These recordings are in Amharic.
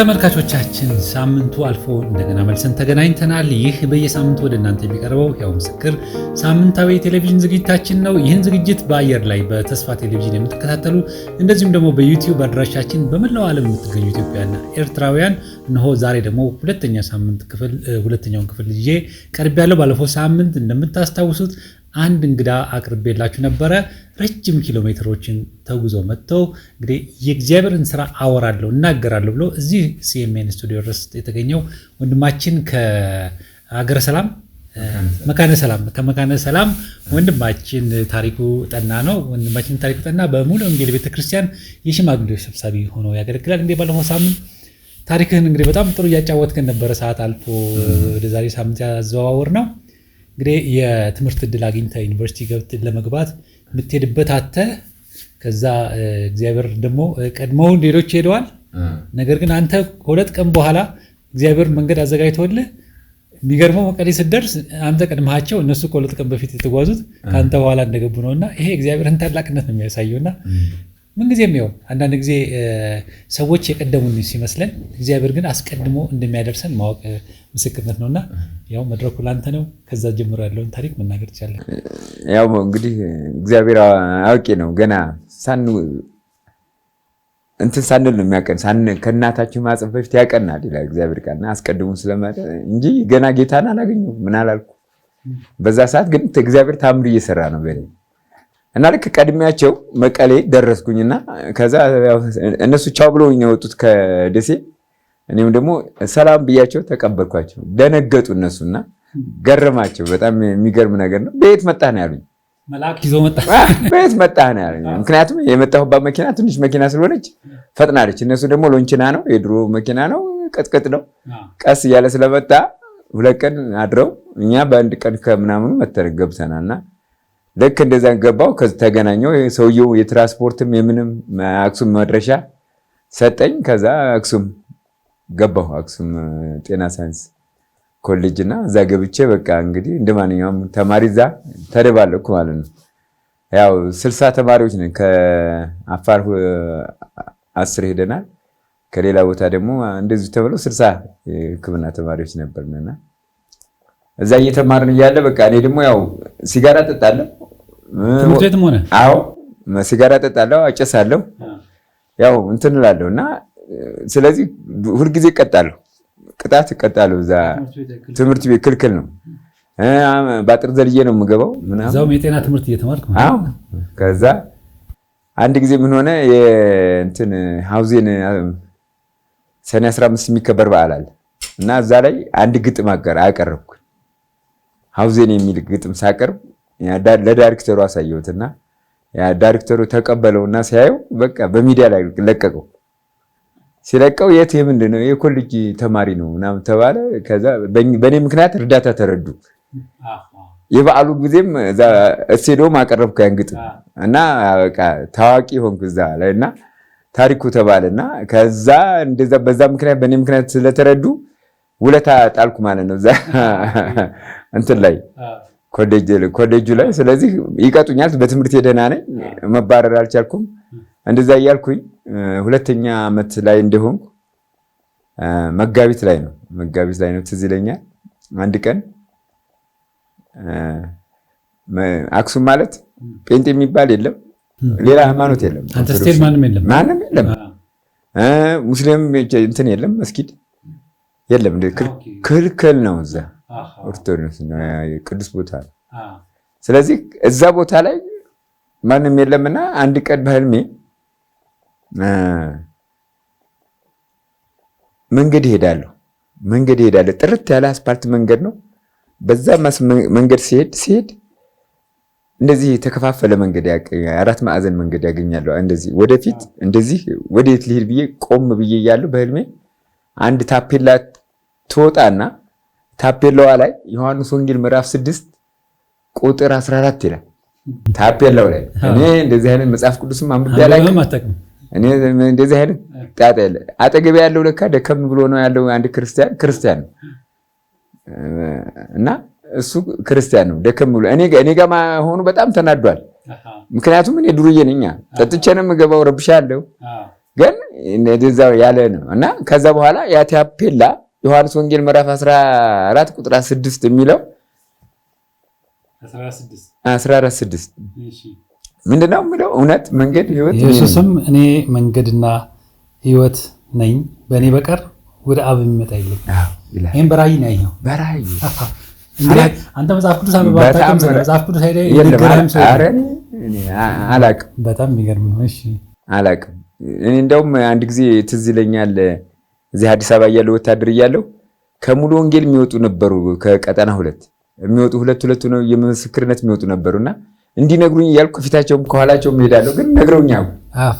ተመልካቾቻችን ሳምንቱ አልፎ እንደገና መልሰን ተገናኝተናል። ይህ በየሳምንቱ ወደ እናንተ የሚቀርበው ሕያው ምስክር ሳምንታዊ ቴሌቪዥን ዝግጅታችን ነው። ይህን ዝግጅት በአየር ላይ በተስፋ ቴሌቪዥን የምትከታተሉ እንደዚሁም ደግሞ በዩቲዩብ አድራሻችን በመላው ዓለም የምትገኙ ኢትዮጵያና ኤርትራውያን እነሆ ዛሬ ደግሞ ሁለተኛ ሳምንት ክፍል ሁለተኛውን ክፍል ይዤ ቀርቤያለሁ። ባለፈው ሳምንት እንደምታስታውሱት አንድ እንግዳ አቅርቤላችሁ ነበረ። ረጅም ኪሎ ሜትሮችን ተጉዞ መጥተው እንግዲህ የእግዚአብሔርን ስራ አወራለሁ እናገራለሁ ብሎ እዚህ ሲኤምኤን ስቱዲዮ ድረስ የተገኘው ወንድማችን ከአገረ ሰላም መካነ ሰላም ከመካነ ሰላም ወንድማችን ታሪኩ ጠና ነው። ወንድማችን ታሪኩ ጠና በሙሉ ወንጌል ቤተክርስቲያን የሽማግሌዎች ሰብሳቢ ሆኖ ያገለግላል። እንደ ባለፈው ሳምንት ታሪክህን እንግዲህ በጣም ጥሩ እያጫወትክን ነበረ። ሰዓት አልፎ ወደዛሬ ሳምንት ያዘዋወር ነው እንግዲህ የትምህርት እድል አግኝተ ዩኒቨርሲቲ ገብት ለመግባት የምትሄድበት አተ ከዛ እግዚአብሔር ደግሞ ቀድመው ሌሎች ሄደዋል። ነገር ግን አንተ ከሁለት ቀን በኋላ እግዚአብሔር መንገድ አዘጋጅቶልህ የሚገርመው መቀሌ ስደርስ አንተ ቀድመሃቸው እነሱ ከሁለት ቀን በፊት የተጓዙት ከአንተ በኋላ እንደገቡ ነው። እና ይሄ እግዚአብሔርን ታላቅነት ነው የሚያሳየው። እና ምንጊዜም ያው አንዳንድ ጊዜ ሰዎች የቀደሙን ሲመስለን እግዚአብሔር ግን አስቀድሞ እንደሚያደርሰን ማወቅ ምስክርነት ነው እና ያው መድረኩ ለአንተ ነው። ከዛ ጀምሮ ያለውን ታሪክ መናገር ትችላለህ። ያው እንግዲህ እግዚአብሔር አውቂ ነው። ገና ሳን እንትን ሳንል ነው የሚያቀን ከእናታችን ማጽፍ በፊት ያቀናል ይላል እግዚአብሔር ቃልና አስቀድሞ ስለመጠ እንጂ ገና ጌታን አላገኘሁም ምን አላልኩ። በዛ ሰዓት ግን እግዚአብሔር ታምር እየሰራ ነው በእኔ እና ልክ ቀድሜያቸው መቀሌ ደረስኩኝና ከዛ እነሱ ቻው ብሎ የወጡት ከደሴ እኔም ደግሞ ሰላም ብያቸው ተቀበልኳቸው። ደነገጡ እነሱና ገረማቸው። በጣም የሚገርም ነገር ነው። በየት መጣህ ነው ያሉኝ። መልአክ ይዞ መጣ። በየት መጣህ ነው ያሉኝ። ምክንያቱም የመጣሁባት መኪና ትንሽ መኪና ስለሆነች ፈጥናለች። እነሱ ደግሞ ሎንችና ነው የድሮ መኪና ነው፣ ቅጥቅጥ ነው። ቀስ እያለ ስለመጣ ሁለት ቀን አድረው እኛ በአንድ ቀን ከምናምኑ መተረግ ገብተናል እና ልክ እንደዛ ገባው ተገናኘው። ሰውየው የትራንስፖርትም የምንም አክሱም መድረሻ ሰጠኝ። ከዛ አክሱም ገባሁ አክሱም ጤና ሳይንስ ኮሌጅ እና እዛ ገብቼ በቃ እንግዲህ እንደ ማንኛውም ተማሪ እዛ ተደባለቅኩ ማለት ነው። ያው ስልሳ ተማሪዎች ነን። ከአፋር አስር ሄደናል። ከሌላ ቦታ ደግሞ እንደዚሁ ተብለው ስልሳ ሕክምና ተማሪዎች ነበርንና እዛ እየተማርን እያለ በቃ እኔ ደግሞ ያው ሲጋራ ጠጣለሁ። ትምህርት ቤትም ሆነ አዎ ሲጋራ ጠጣለሁ፣ አጨሳለሁ፣ ያው እንትን እላለሁ እና ስለዚህ ሁልጊዜ እቀጣለሁ፣ ቅጣት እቀጣለሁ። እዛ ትምህርት ቤት ክልክል ነው። በአጥር ዘልዬ ነው የምገባው። ምናምን የጤና ትምህርት እየተማርክ ከዛ አንድ ጊዜ ምን ሆነ እንትን ሀውዜን ሰኔ 15 የሚከበር በዓል አለ እና እዛ ላይ አንድ ግጥም አቀረብኩ። ሀውዜን የሚል ግጥም ሳቀርብ ለዳይሬክተሩ አሳየሁትና ዳይሬክተሩ ተቀበለውና ሲያየው በቃ በሚዲያ ላይ ለቀቀው። ሲለቀው የት የምንድን ነው የኮሌጅ ተማሪ ነው ምናምን ተባለ። ከዛ በእኔ ምክንያት እርዳታ ተረዱ። የበዓሉ ጊዜም እዛ እሴዶም አቀረብኩ ያን ግጥም እና በቃ ታዋቂ ሆንኩ እዛ ላይ እና ታሪኩ ተባለና ከዛ እንደዛ በዛ ምክንያት በእኔ ምክንያት ስለተረዱ ውለታ ጣልኩ ማለት ነው እዛ እንትን ላይ ኮሌጁ ላይ። ስለዚህ ይቀጡኛል። በትምህርት የደህና ነኝ፣ መባረር አልቻልኩም። እንደዛ እያልኩኝ ሁለተኛ ዓመት ላይ እንደሆንኩ መጋቢት ላይ ነው መጋቢት ላይ ነው ትዝ ይለኛል። አንድ ቀን አክሱም ማለት ጴንጤ የሚባል የለም፣ ሌላ ሃይማኖት የለም፣ ማንም የለም፣ ሙስሊም እንትን የለም፣ መስጊድ የለም። ክልክል ነው እዛ ኦርቶዶክስ ቅዱስ ቦታ ነው። ስለዚህ እዛ ቦታ ላይ ማንም የለምና አንድ ቀን በህልሜ መንገድ እሄዳለሁ መንገድ እሄዳለሁ። ጥርት ያለ አስፓልት መንገድ ነው። በዛ መንገድ ሲሄድ ሲሄድ እንደዚህ የተከፋፈለ መንገድ አራት ማዕዘን መንገድ ያገኛለሁ። እንደዚህ ወደፊት እንደዚህ ወዴት ልሄድ ብዬ ቆም ብዬ እያለሁ በህልሜ አንድ ታፔላ ትወጣና ታፔላዋ ላይ ዮሐንስ ወንጌል ምዕራፍ ስድስት ቁጥር 14 ይላል። ታፔላው ላይ እኔ እንደዚህ አይነት መጽሐፍ ቅዱስም አንብቤ አላውቅም። እኔ እንደዚህ አይነት ጣጣ የለ። አጠገቤ ያለው ለካ ደከም ብሎ ነው ያለው። አንድ ክርስቲያን ክርስቲያን ነው እና እሱ ክርስቲያን ነው ደከም ብሎ እኔ እኔ ጋር ሆኖ በጣም ተናዷል። ምክንያቱም እኔ ዱርዬ ነኝ፣ ጠጥቼንም ገባው ረብሻለሁ። ግን እንደዛው ያለ ነው እና ከዛ በኋላ ያ ታፔላ ዮሐንስ ወንጌል ምዕራፍ 14 ቁጥር 16 የሚለው 14 6 ምንድነው የሚለው? እውነት፣ መንገድ፣ ሕይወት። ኢየሱስም እኔ መንገድና ህይወት ነኝ፣ በእኔ በቀር ወደ አብ የሚመጣ የለም። ይህም በራእይ ነው ያየው። በራእይ አንተ መጽሐፍ ቅዱስ መጽሐፍ ቅዱስ አላቅም። በጣም የሚገርም ነው። እሺ አላቅም። እኔ እንደውም አንድ ጊዜ ትዝ ይለኛል እዚህ አዲስ አበባ እያለሁ ወታደር እያለሁ ከሙሉ ወንጌል የሚወጡ ነበሩ። ከቀጠና ሁለት የሚወጡ ሁለት ሁለቱ ነው የምስክርነት የሚወጡ ነበሩ እና እንዲነግሩኝ እያልኩ ከፊታቸውም ከኋላቸውም እሄዳለሁ፣ ግን ነግረውኛ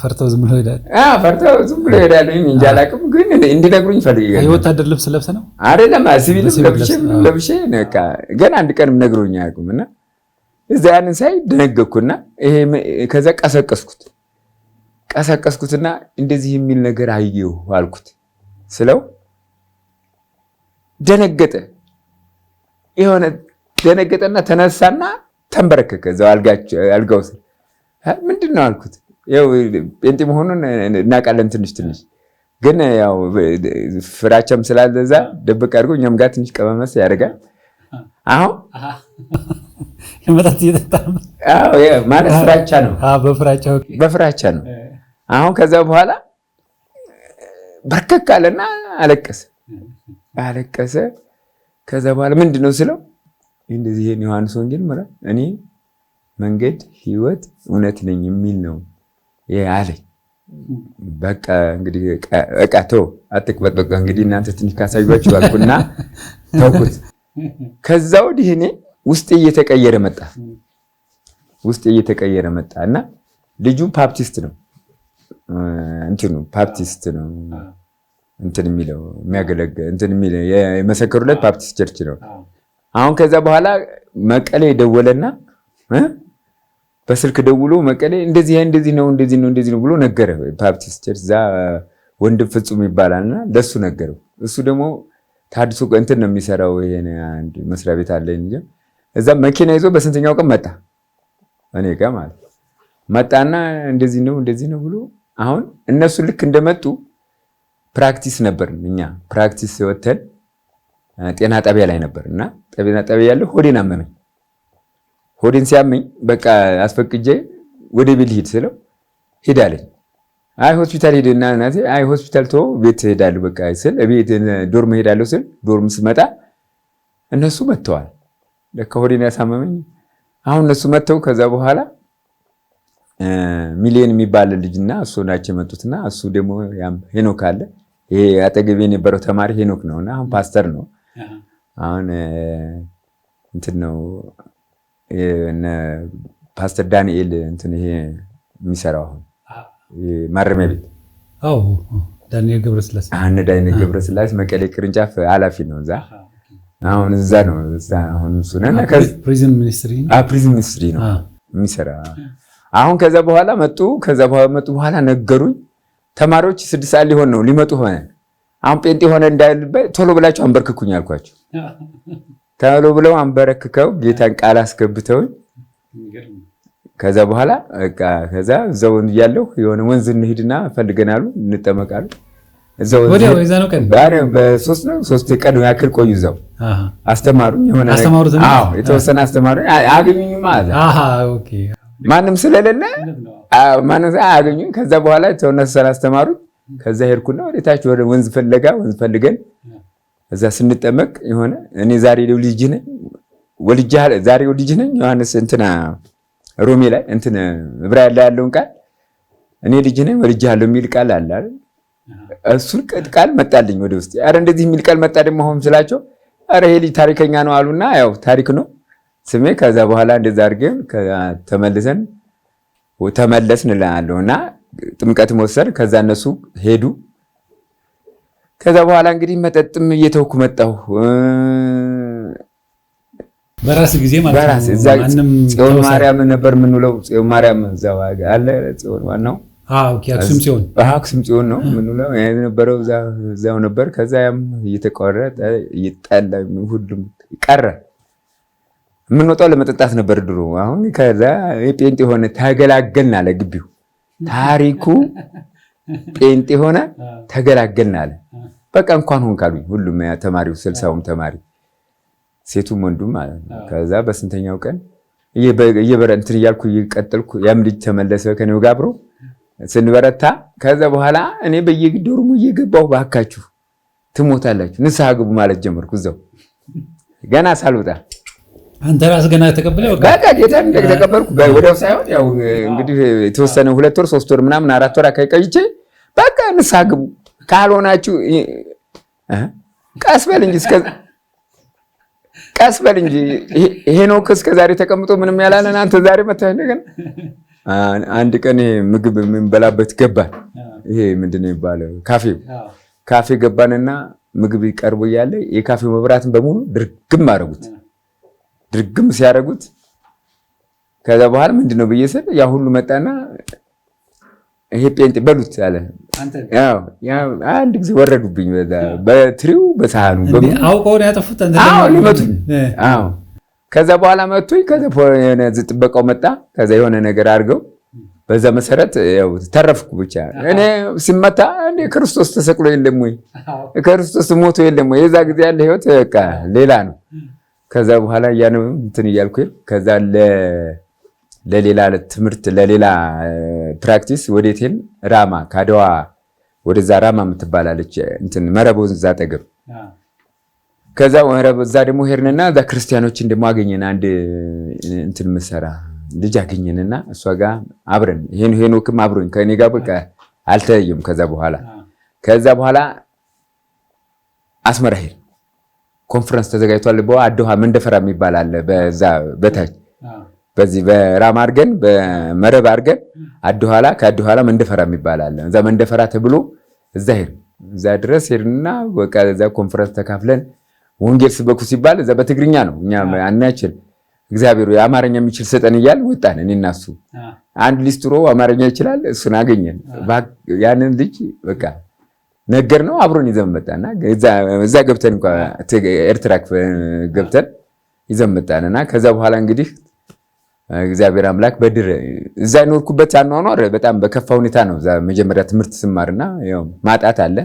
ፈርተው ዝም ብሎ ይሄዳል። ፈርተው ዝም ብሎ ይሄዳል። እንጃ አላውቅም፣ ግን እንዲነግሩኝ ፈልግ። የወታደር ልብስ ለብሰ ነው አይደለም? ሲቪልም ለብሼ ለብሼ ገና አንድ ቀንም ነግረውኝ አያውቁም። እና እዛ ያንን ሳይ ደነገኩና ከዛ ቀሰቀስኩት ቀሰቀስኩትና እንደዚህ የሚል ነገር አየሁ አልኩት ስለው ደነገጠ። የሆነ ደነገጠና ተነሳና ተንበረከከ እዛው አልጋው ስር። ምንድን ነው አልኩት። ያው ጴንጤ መሆኑን እናውቃለን ትንሽ ትንሽ ግን ያው ፍራቻም ስላለ እዛ ደብቅ አድርጎ እኛም ጋር ትንሽ ቀመመስ ያደርጋል። አሁን ማለት ፍራቻ ነው በፍራቻ ነው። አሁን ከዛ በኋላ በርከክ አለና አለቀሰ አለቀሰ። ከዛ በኋላ ምንድን ነው ስለው እንደዚህ ይሄን ዮሐንስ ወንጌል ምዕራፍ እኔ መንገድ ህይወት እውነት ነኝ የሚል ነው አለኝ። በቃ እንግዲህ እቃ ተው አትቅበጥ፣ በቃ እንግዲህ እናንተ ትንሽ ካሳዩችሁ አልኩና ተውኩት። ከዛ ወዲህ እኔ ውስጤ እየተቀየረ መጣ፣ ውስጤ እየተቀየረ መጣ እና ልጁም ፓፕቲስት ነው እንትኑ ፓፕቲስት ነው እንትን የሚለው የሚያገለግል እንትን የሚለው የመሰከሩለት ፓፕቲስት ቸርች ነው አሁን ከዛ በኋላ መቀሌ ደወለና በስልክ ደውሎ መቀሌ እንደዚህ እንደዚህ ነው እንደዚህ ነው እንደዚህ ነው ብሎ ነገረ። ባፕቲስት ቸርች እዛ ወንድም ፍጹም ይባላልና ለሱ ነገረው። እሱ ደግሞ ታድሶ እንትን ነው የሚሰራው ይሄን አንድ መስሪያ ቤት አለ እንጂ እዛ መኪና ይዞ በስንተኛው ቀን መጣ እኔ ጋር ማለት መጣና እንደዚህ ነው እንደዚህ ነው ብሎ አሁን እነሱ ልክ እንደመጡ ፕራክቲስ ነበርን እኛ ፕራክቲስ ወተን ጤና ጣቢያ ላይ ነበር እና ጤና ጣቢያ ያለው ሆዴን አመመኝ። ሆዴን ሲያመኝ በቃ አስፈቅጄ ወደ ቤት ልሂድ ስለው ሄዳለኝ። አይ ሆስፒታል ሄድና እናቴ አይ ሆስፒታል ቶ ቤት ሄዳለሁ በቃ ስል ቤት ዶርም ሄዳለሁ ስል ዶርም ስመጣ እነሱ መጥተዋል። ለካ ሆዴን ያሳመመኝ አሁን እነሱ መጥተው ከዛ በኋላ ሚሊዮን የሚባል ልጅና እሱ ናቸው የመጡትና እሱ ደግሞ ሄኖክ አለ። ይሄ አጠገቤ የነበረው ተማሪ ሄኖክ ነውና አሁን ፓስተር ነው። አሁን እንትን ነው ፓስተር ዳንኤል እንትን ይሄ የሚሰራው አሁን ማረሚያ ቤት ዳንኤል ገብረስላሴ አነ ዳንኤል ገብረስላሴ መቀሌ ቅርንጫፍ ኃላፊ ነው። እዛ አሁን እዛ ነው አሁን እሱ ፕሪዝን ሚኒስትሪ ፕሪዝን ሚኒስትሪ ነው የሚሰራ አሁን። ከዛ በኋላ መጡ። ከዛ በኋላ መጡ በኋላ ነገሩኝ ተማሪዎች ስድስት ሰዓት ሊሆን ነው ሊመጡ ሆነ አሁን ጴንጤ የሆነ እንዳልበት ቶሎ ብላችሁ አንበርክኩኝ አልኳቸው። ቶሎ ብለው አንበረክከው ጌታን ቃል አስገብተውኝ ከዛ በኋላ ከዛ እዛ እያለሁ የሆነ ወንዝ እንሂድና ፈልገናሉ እንጠመቃሉ። በሶስት ነው ሶስት ቀን ያክል ቆዩ። እዛው አስተማሩ የሆነ የተወሰነ አስተማሩ አገኙኝ ማለት ማንም ስለሌለ ማንም አገኙኝ። ከዛ በኋላ የተወሰነ አስተማሩኝ ከዛ ሄድኩና ወደታች ወደ ወንዝ ፈለጋ ወንዝ ፈልገን እዛ ስንጠመቅ የሆነ እኔ ዛሬ ልጅ ነኝ ወልጅ ዛሬ ልጅ ነኝ ዮሐንስ እንትና ሮሜ ላይ እንትን ዕብራውያን ላይ ያለውን ቃል እኔ ልጅ ነኝ ወልጅ የሚል ቃል አለ አይደል? እሱን ቃል መጣልኝ ወደ ውስጥ። አረ እንደዚህ የሚል ቃል መጣ ደግሞ አሁን ስላቸው፣ አረ ይሄ ልጅ ታሪከኛ ነው አሉና ያው ታሪክ ነው ስሜ። ከዛ በኋላ እንደዛ አድርገን ተመልሰን ተመለስን እላለሁ እና ጥምቀት መወሰድ። ከዛ እነሱ ሄዱ። ከዛ በኋላ እንግዲህ መጠጥም እየተውኩ መጣሁ። በራስ ጊዜ ማለት ጽዮን ማርያም ነበር የምንውለው። ጽዮን ማርያም እዛ አለ ጽዮን ዋናው አክሱም ጽዮን ነው የምንውለው የነበረው እዛው ነበር። ከዛ ያም እየተቋረጠ ይጠላ ሁሉም ቀረ። የምንወጣው ለመጠጣት ነበር ድሮ። አሁን ከዛ ጴንጤ የሆነ ተገላገልን አለ ግቢው ታሪኩ ጴንጤ ሆነ ተገላገልን አለ። በቃ እንኳን ሆን ካሉኝ ሁሉም ተማሪው ስልሳውም ተማሪ ሴቱም ወንዱም ማለት ነው። ከዛ በስንተኛው ቀን እየበረ እንትን እያልኩ እየቀጠልኩ ያም ልጅ ተመለሰ ከኔው ጋር አብሮ ስንበረታ ከዛ በኋላ እኔ በየግዶርሙ እየገባሁ ባካችሁ ትሞታላችሁ ንስሐ ግቡ ማለት ጀመርኩ እዛው ገና ሳልወጣ አንተ ራስህ ገና ተቀብለህ በቃ ጌታ እንደ ተቀበልኩ። ወዲያው ሳይሆን ያው እንግዲህ የተወሰነ ሁለት ወር ሶስት ወር ምናምን አራት ወር አካባቢ ቀይቼ በቃ ንስሓ ግቡ ካልሆናችሁ ቀስ በል እንጂ ቀስ በል እንጂ ሄኖክ እስከዛሬ ተቀምጦ ምንም ያላለን አንተ ዛሬ መታየት ነገር አንድ ቀን ምግብ የምንበላበት ገባን። ይሄ ምንድን ነው የሚባለው? ካፌ ካፌ ገባንና ምግብ ቀርቦ እያለ የካፌው መብራትን በሙሉ ድርግም አደረጉት። ድርግም ሲያደርጉት ከዛ በኋላ ምንድን ነው ብዬ ስል ያ ሁሉ መጣና ይሄ ጴንጤ በሉት አለ። አንድ ጊዜ ወረዱብኝ በትሪው በሳህኑ መቱኝ። ከዛ በኋላ መቱኝ። ጥበቃው መጣ። ከዛ የሆነ ነገር አድርገው በዛ መሰረት ተረፍኩ። ብቻ እኔ ሲመታ እንደ ክርስቶስ ተሰቅሎ የለም ወይ ክርስቶስ ሞቶ የለም ወይ የዛ ጊዜ ያለ ህይወት ሌላ ነው። ከዛ በኋላ ያን እንትን እያልኩ ከዛ ለሌላ ትምህርት ለሌላ ፕራክቲስ ወዴቴን ራማ ከአድዋ ወደዛ ራማ የምትባላለች እንትን መረቦ እዛ አጠገብ ከዛ እዛ ደግሞ ሄርንና እዛ ክርስቲያኖችን ደግሞ አገኘን። አንድ እንትን ምሰራ ልጅ አገኘንና እሷ ጋ አብረን ይሄን ሄኖክም አብሮኝ ከእኔ ጋር በቃ አልተለየም። ከዛ በኋላ ከዛ በኋላ አስመራ ሄድ ኮንፈረንስ ተዘጋጅቷል። በአድሃ መንደፈራ የሚባል አለ። በዛ በታች በዚህ በራማ አድርገን በመረብ አድርገን አድኋላ ከአድኋላ መንደፈራ የሚባል አለ። እዛ መንደፈራ ተብሎ እዛ ሄድ እዛ ድረስ ሄድና እዛ ኮንፈረንስ ተካፍለን ወንጌል ስበኩ ሲባል እዛ በትግርኛ ነው። እኛ አናችል እግዚአብሔር የአማርኛ የሚችል ሰጠን እያል ወጣን። እኔ እና እሱ አንድ ሊስትሮ አማርኛ ይችላል። እሱን አገኘን። ያንን ልጅ በቃ ነገር ነው አብሮን ይዘን መጣና እዛ ገብተን እንኳ ኤርትራ ገብተን ይዘን መጣን እና ከዛ በኋላ እንግዲህ እግዚአብሔር አምላክ በድር እዛ ይኖርኩበት አኗኗር በጣም በከፋ ሁኔታ ነው። መጀመሪያ ትምህርት ስማርና ማጣት አለ።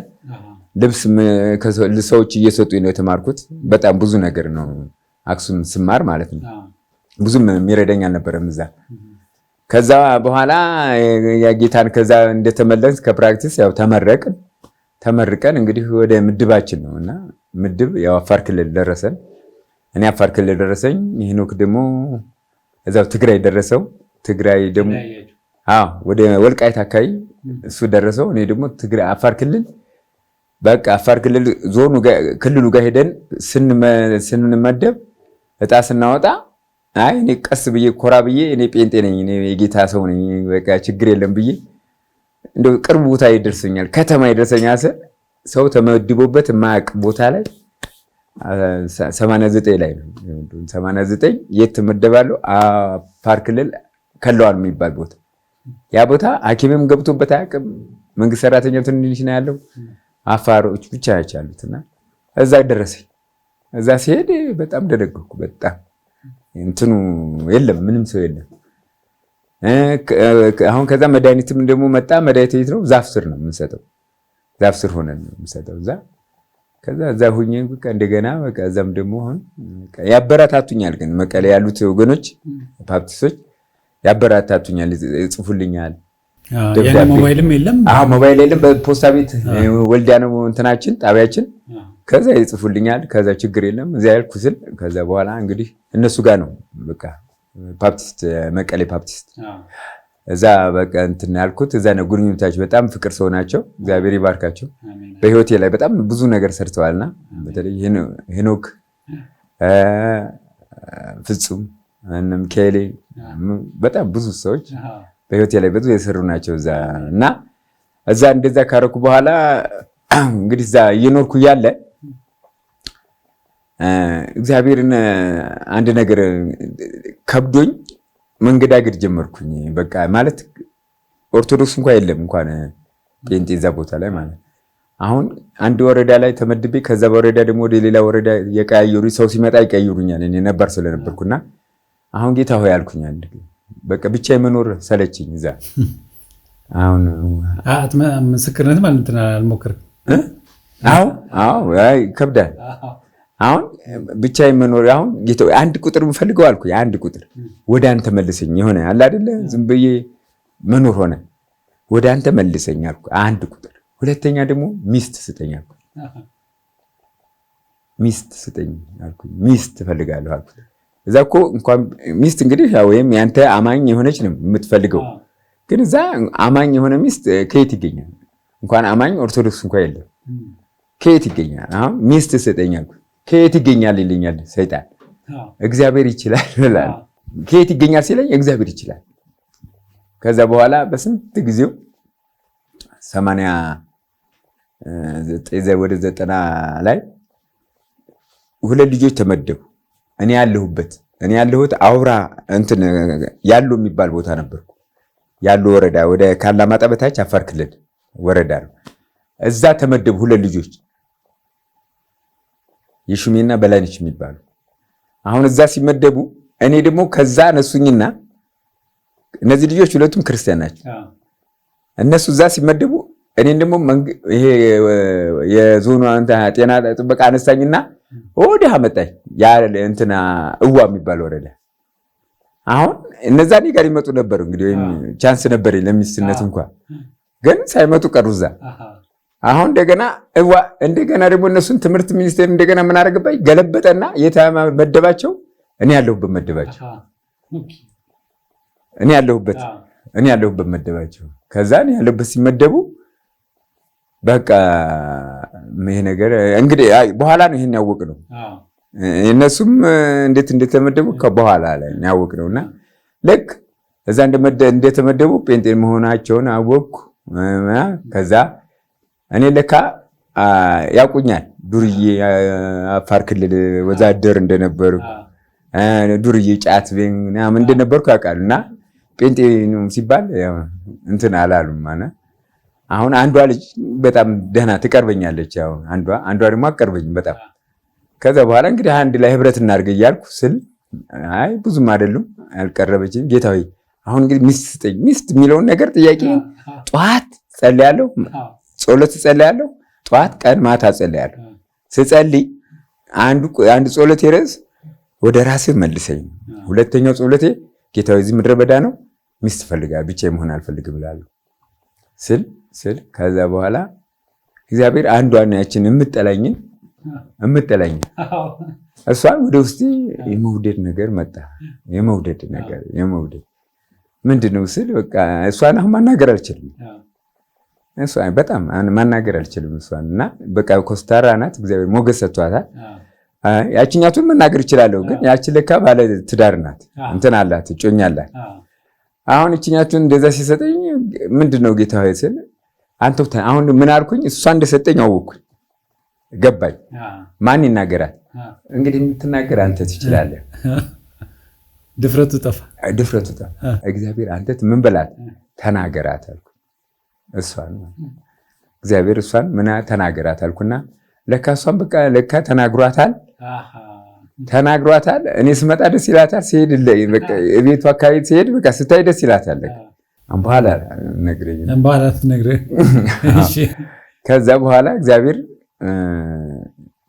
ልብስ ሰዎች እየሰጡ ነው የተማርኩት። በጣም ብዙ ነገር ነው አክሱም ስማር ማለት ነው። ብዙም የሚረዳኝ አልነበረም እዛ። ከዛ በኋላ የጌታን ከዛ እንደተመለስ ከፕራክቲስ ያው ተመረቅን። ተመርቀን እንግዲህ ወደ ምድባችን ነው እና ምድብ ያው አፋር ክልል ደረሰን። እኔ አፋር ክልል ደረሰኝ። ሄኖክ ደግሞ እዛው ትግራይ ደረሰው። ትግራይ ደግሞ ወደ ወልቃይት አካባቢ እሱ ደረሰው። እኔ ደግሞ ትግራይ አፋር ክልል በቃ አፋር ክልል ዞኑ ክልሉ ጋር ሄደን ስንመደብ እጣ ስናወጣ አይ እኔ ቀስ ብዬ ኮራ ብዬ እኔ ጴንጤ ነኝ የጌታ ሰው ነኝ በቃ ችግር የለም ብዬ እንደ ቅርብ ቦታ ይደርሰኛል፣ ከተማ ይደርሰኛል። ሰው ተመድቦበት ማቅ ቦታ ላይ 89 ላይ ነው 89 የት ትመደባለሁ? አፋር ክልል ከለዋል የሚባል ቦታ ያ ቦታ ሐኪምም ገብቶበት አያውቅም። መንግስት ሰራተኛው ትንሽ ነው ያለው፣ አፋሮች ብቻ ያቻሉት እና እዛ ደረሰኝ። እዛ ሲሄድ በጣም ደነገጥኩ። በጣም እንትኑ የለም፣ ምንም ሰው የለም። አሁን ከዛ መድኃኒትም ደግሞ መጣ። መድኃኒት የት ነው? ዛፍ ስር ነው የምንሰጠው። ዛፍ ስር ሆነን ነው የምንሰጠው። እዛ ከዛ እዛ ሁኜ በቃ እንደገና በቃ እዛም ደግሞ አሁን ያበረታቱኛል። ግን መቀሌ ያሉት ወገኖች ባፕቲስቶች ያበረታቱኛል፣ ይጽፉልኛል። ሞባይልም ሞባይል የለም። በፖስታ ቤት ወልዲያ ነው እንትናችን ጣቢያችን። ከዛ ይጽፉልኛል። ከዛ ችግር የለም እዚያ ያልኩ ስል ከዛ በኋላ እንግዲህ እነሱ ጋር ነው በቃ ፓፕቲስት መቀሌ ፓፕቲስት እዛ በቃ እንትን ያልኩት እዛ ነው ግንኙነታቸው። በጣም ፍቅር ሰው ናቸው። እግዚአብሔር ይባርካቸው። በህይወቴ ላይ በጣም ብዙ ነገር ሰርተዋልና በተለይ ሄኖክ፣ ፍጹም፣ ኬሌ በጣም ብዙ ሰዎች በህይወቴ ላይ ብዙ የሰሩ ናቸው እዛ እና እዛ እንደዛ ካረኩ በኋላ እንግዲህ እዛ እየኖርኩ እያለ እግዚአብሔርን አንድ ነገር ከብዶኝ መንገዳገድ ጀመርኩኝ። በቃ ማለት ኦርቶዶክስ እንኳ የለም እንኳን ጴንጤ እዛ ቦታ ላይ ማለት አሁን አንድ ወረዳ ላይ ተመድቤ ከዛ በወረዳ ደግሞ ወደ ሌላ ወረዳ የቀያየሩ ሰው ሲመጣ ይቀይሩኛል። እኔ ነባር ስለነበርኩና አሁን ጌታ ሆይ አልኩኝ። አንድ በቃ ብቻ የመኖር ሰለችኝ። እዛ አሁን ምስክርነት ማለት አልሞክርም። አዎ አዎ፣ ከብዳል አሁን ብቻ የመኖር አሁን ጌታ አንድ ቁጥር ምፈልገው አልኩ። አንድ ቁጥር ወደ አንተ መልሰኝ የሆነ አለ አደለ፣ ዝም ብዬ መኖር ሆነ። ወደ አንተ መልሰኝ አልኩ፣ አንድ ቁጥር። ሁለተኛ ደግሞ ሚስት ስጠኝ አልኩ፣ ሚስት ስጠኝ አልኩ፣ ሚስት እፈልጋለሁ አልኩ። እዛ እኮ እንኳን ሚስት እንግዲህ ወይም ያንተ አማኝ የሆነች ነው የምትፈልገው። ግን እዛ አማኝ የሆነ ሚስት ከየት ይገኛል? እንኳን አማኝ ኦርቶዶክስ እንኳን የለም፣ ከየት ይገኛል? አሁን ሚስት ስጠኝ አልኩ ከየት ይገኛል ይለኛል ሰይጣን። እግዚአብሔር ይችላል ከየት ይገኛል ሲለኝ እግዚአብሔር ይችላል። ከዛ በኋላ በስንት ጊዜው ሰማንያ ወደ ዘጠና ላይ ሁለት ልጆች ተመደቡ። እኔ ያለሁበት እኔ ያለሁት አውራ እንትን ያሉ የሚባል ቦታ ነበርኩ። ያሉ ወረዳ ወደ ካላማጣ በታች አፋር ክልል ወረዳ ነው። እዛ ተመደቡ ሁለት ልጆች የሹሜና በላይነች የሚባሉ አሁን እዛ ሲመደቡ እኔ ደግሞ ከዛ እነሱኝና እነዚህ ልጆች ሁለቱም ክርስቲያን ናቸው። እነሱ እዛ ሲመደቡ እኔን ደግሞ ይሄ የዞኑ ጤና ጥበቃ አነሳኝና ወዲህ አመጣኝ። ያ እንትና እዋ የሚባል ወረዳ አሁን እነዛ እኔ ጋር ይመጡ ነበሩ እንግዲህ ወይም ቻንስ ነበር ለሚስትነት እንኳ ግን ሳይመጡ ቀሩ እዛ አሁን እንደገና እዋ እንደገና ደግሞ እነሱን ትምህርት ሚኒስቴር እንደገና ምን አደረገባኝ ገለበጠና የተመደባቸው እኔ ያለሁበት መደባቸው እኔ ያለሁበት እኔ ያለሁበት መደባቸው ከዛ እኔ ያለሁበት ሲመደቡ በቃ ይሄ ነገር እንግዲህ በኋላ ነው ይሄን ያወቅ ነው እነሱም እንዴት እንደተመደቡ ከበኋላ ላይ ያወቅ ነው እና ልክ እዛ እንደተመደቡ ጴንጤን መሆናቸውን አወቅኩ ከዛ እኔ ለካ ያውቁኛል። ዱርዬ አፋር ክልል ወዛደር እንደነበሩ ዱርዬ ጫት ምናምን እንደነበርኩ ያውቃሉ። እና ጴንጤ ሲባል እንትን አላሉም። አሁን አንዷ ልጅ በጣም ደህና ትቀርበኛለች። አንዷ አንዷ ደግሞ አትቀርበኝም በጣም ከዛ በኋላ እንግዲህ አንድ ላይ ህብረት እናድርግ እያልኩ ስል አይ ብዙም አይደሉም አልቀረበችም። ጌታ አሁን እንግዲህ ሚስት ስጠኝ ሚስት የሚለውን ነገር ጥያቄ ጠዋት ጸልያለሁ ጸሎት እጸልያለሁ። ጠዋት፣ ቀን፣ ማታ እጸልያለሁ። ስጸልይ አንዱ አንዱ ጸሎቴ ርዕስ ወደ ራሴ መልሰኝ። ሁለተኛው ጸሎቴ ጌታዊ እዚህ ምድረ በዳ ነው፣ ሚስት እፈልጋለሁ፣ ብቻዬን መሆን አልፈልግም እላለሁ ስል ስል ከዛ በኋላ እግዚአብሔር አንዷን ያችን የምጠላኝን የምጠላኝ እሷን ወደ ውስጤ የመውደድ ነገር መጣ። የመውደድ ነገር የመውደድ ምንድን ነው ስል በቃ እሷን አሁን ማናገር አልችልም። እሷ በጣም ማናገር አልችልም። እሷን እና በቃ ኮስታራ ናት፣ እግዚአብሔር ሞገስ ሰጥቷታል። ያችኛቱን መናገር ይችላለሁ፣ ግን ያችን ልካ ባለ ትዳር ናት፣ እንትን አላት፣ እጮኛ አላት። አሁን እችኛቱን እንደዛ ሲሰጠኝ ምንድን ነው ጌታ ሆይ ስል አንተ አሁን ምን አልኩኝ? እሷ እንደሰጠኝ አወኩኝ፣ ገባኝ። ማን ይናገራል እንግዲህ? የምትናገር አንተ ትችላለህ። ድፍረቱ ጠፋ፣ ድፍረቱ ጠፋ። እግዚአብሔር አንተ ምን በላት ተናገራታል እሷን እግዚአብሔር እሷን ምና ተናገራት አልኩና ለካ እሷን በቃ ለካ ተናግሯታል ተናግሯታል። እኔ ስመጣ ደስ ይላታል፣ ሲሄድ ቤቱ አካባቢ ሲሄድ በቃ ስታይ ደስ ይላታል። በኋላ ነግረኝ ከዛ በኋላ እግዚአብሔር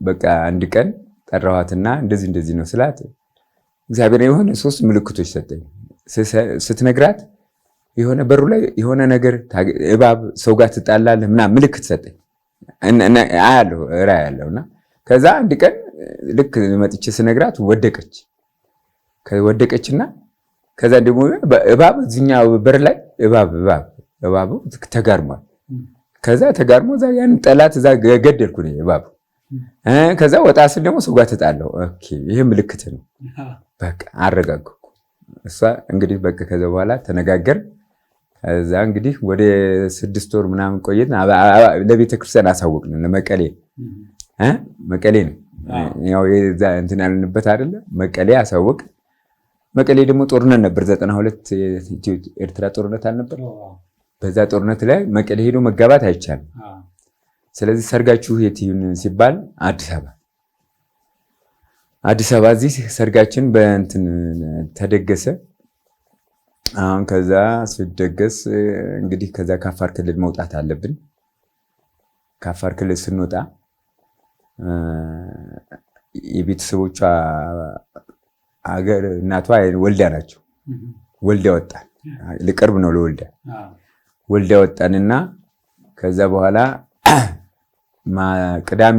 በቃ አንድ ቀን ጠራኋትና እንደዚህ እንደዚህ ነው ስላት እግዚአብሔር የሆነ ሶስት ምልክቶች ሰጠኝ ስትነግራት የሆነ በሩ ላይ የሆነ ነገር እባብ ሰው ጋር ትጣላለህ ምናምን ምልክት ሰጠኝ አያለሁ ራ ያለው እና ከዛ አንድ ቀን ልክ መጥቼ ስነግራት ወደቀች ወደቀችና ከዛ ደግሞ እባብ እዚኛ በር ላይ እባብ እባብ እባቡ ተጋርሟል። ከዛ ተጋርሞ እዛ ያን ጠላት እዛ ገደልኩ እባብ። ከዛ ወጣ ስል ደግሞ ሰው ጋር ተጣለው። ኦኬ ምልክት ነው። በቃ አረጋግኩ። እሷ እንግዲህ በቃ ከዛ በኋላ ተነጋገር እዛ እንግዲህ ወደ ስድስት ወር ምናምን ቆየት ለቤተክርስቲያን አሳወቅን። ለመቀሌ መቀሌ ነው እንትን ያልንበት አይደለ መቀሌ አሳወቅ። መቀሌ ደግሞ ጦርነት ነበር፣ ዘጠና ሁለት ኤርትራ ጦርነት አልነበር? በዛ ጦርነት ላይ መቀሌ ሄዶ መጋባት አይቻልም። ስለዚህ ሰርጋችሁ የት ይሁን ሲባል አዲስ አበባ አዲስ አበባ እዚህ ሰርጋችን በእንትን ተደገሰ። አሁን ከዛ ስደገስ እንግዲህ ከዛ ከአፋር ክልል መውጣት አለብን። ከአፋር ክልል ስንወጣ የቤተሰቦቿ አገር እናቷ ወልዳ ናቸው። ወልዳ ወጣን። ልቅርብ ነው ለወልዳ ወልዳ እና ከዛ በኋላ ቅዳሜ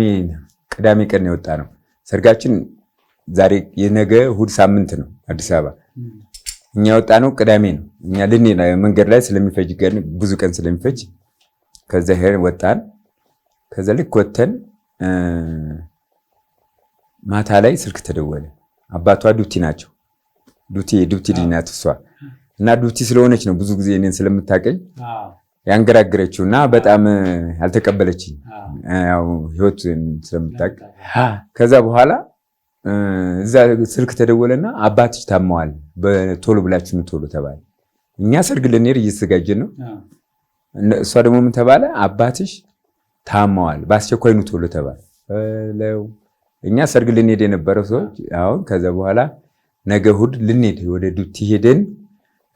ቅዳሜ ቀን የወጣ ነው ሰርጋችን። ዛሬ የነገ እሑድ ሳምንት ነው አዲስ አበባ እኛ ወጣ ነው ቅዳሜ ነው። እኛ ልንሄድ መንገድ ላይ ስለሚፈጅ ብዙ ቀን ስለሚፈጅ ከዛ ሄደን ወጣን። ከዛ ልክ ወተን ማታ ላይ ስልክ ተደወለ። አባቷ ዱቲ ናቸው። ዱቲ ዱቲ ልጅ እሷ እና ዱቲ ስለሆነች ነው ብዙ ጊዜ እኔን ስለምታቀኝ ያንገራግረችው እና በጣም አልተቀበለችኝ ያው ህይወት ስለምታቅ ከዛ በኋላ እዛ ስልክ ተደወለና አባትሽ ታመዋል ቶሎ ብላችሁ ቶሎ ተባለ። እኛ ሰርግ ልንሄድ እየተዘጋጀን ነው። እሷ ደግሞ ምን ተባለ? አባትሽ ታመዋል በአስቸኳይ ኑ ቶሎ ተባለ። እኛ ሰርግ ልንሄድ የነበረው ሰዎች አሁን ከዛ በኋላ ነገ እሑድ ልንሄድ ወደ ዱቲ ሄደን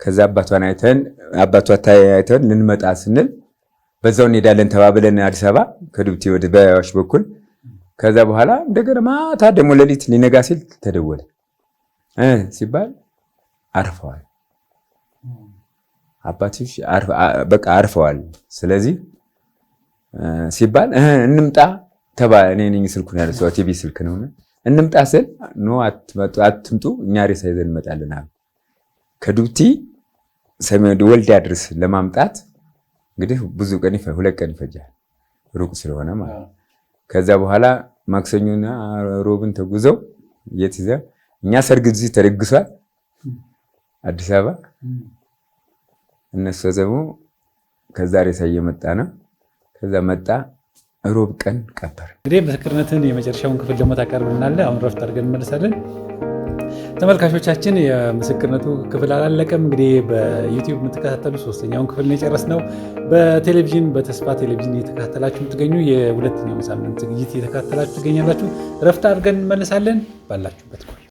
ከዛ አባቷን አይተን አባቷ ታያይተን ልንመጣ ስንል በዛው እንሄዳለን ተባብለን አዲስ አበባ ከዱቲ ወደ በያዎች በኩል ከዛ በኋላ እንደገና ማታ ደግሞ ሌሊት ሊነጋ ሲል ተደወለ ሲባል አርፈዋል። አባትሽ በቃ አርፈዋል። ስለዚህ ሲባል እንምጣ ተባ እኔ ነኝ ስልኩን ያነሳው ቲቪ ስልክ ነው። እንምጣ ስል ኖ አትምጡ፣ እኛ ሬሳ ይዘን እንመጣለን አሉ። ከዱብቲ ወልዲያ ድረስ ለማምጣት እንግዲህ ብዙ ቀን ሁለት ቀን ይፈጃል፣ ሩቅ ስለሆነ ማለት ከዛ በኋላ ማክሰኞና ሮብን ተጉዘው የት እዛ እኛ ሰርግ እዚህ ተደግሷል አዲስ አበባ እነሱ ደግሞ ከዛ ሬሳ እየመጣ ነው። ከዛ መጣ ሮብ ቀን ቀበር። እንግዲህ ምስክርነትን የመጨረሻውን ክፍል ደግሞ ታቀርብልናለህ። አሁን ረፍት አድርገን እንመልሳለን። ተመልካቾቻችን የምስክርነቱ ክፍል አላለቀም። እንግዲህ በዩቲዩብ የምትከታተሉ ሶስተኛውን ክፍል ነው የጨረስነው። በቴሌቪዥን በተስፋ ቴሌቪዥን እየተከታተላችሁ የምትገኙ የሁለተኛው ሳምንት ዝግጅት እየተከታተላችሁ ትገኛላችሁ። እረፍት አድርገን እንመለሳለን ባላችሁበት ቆዩ።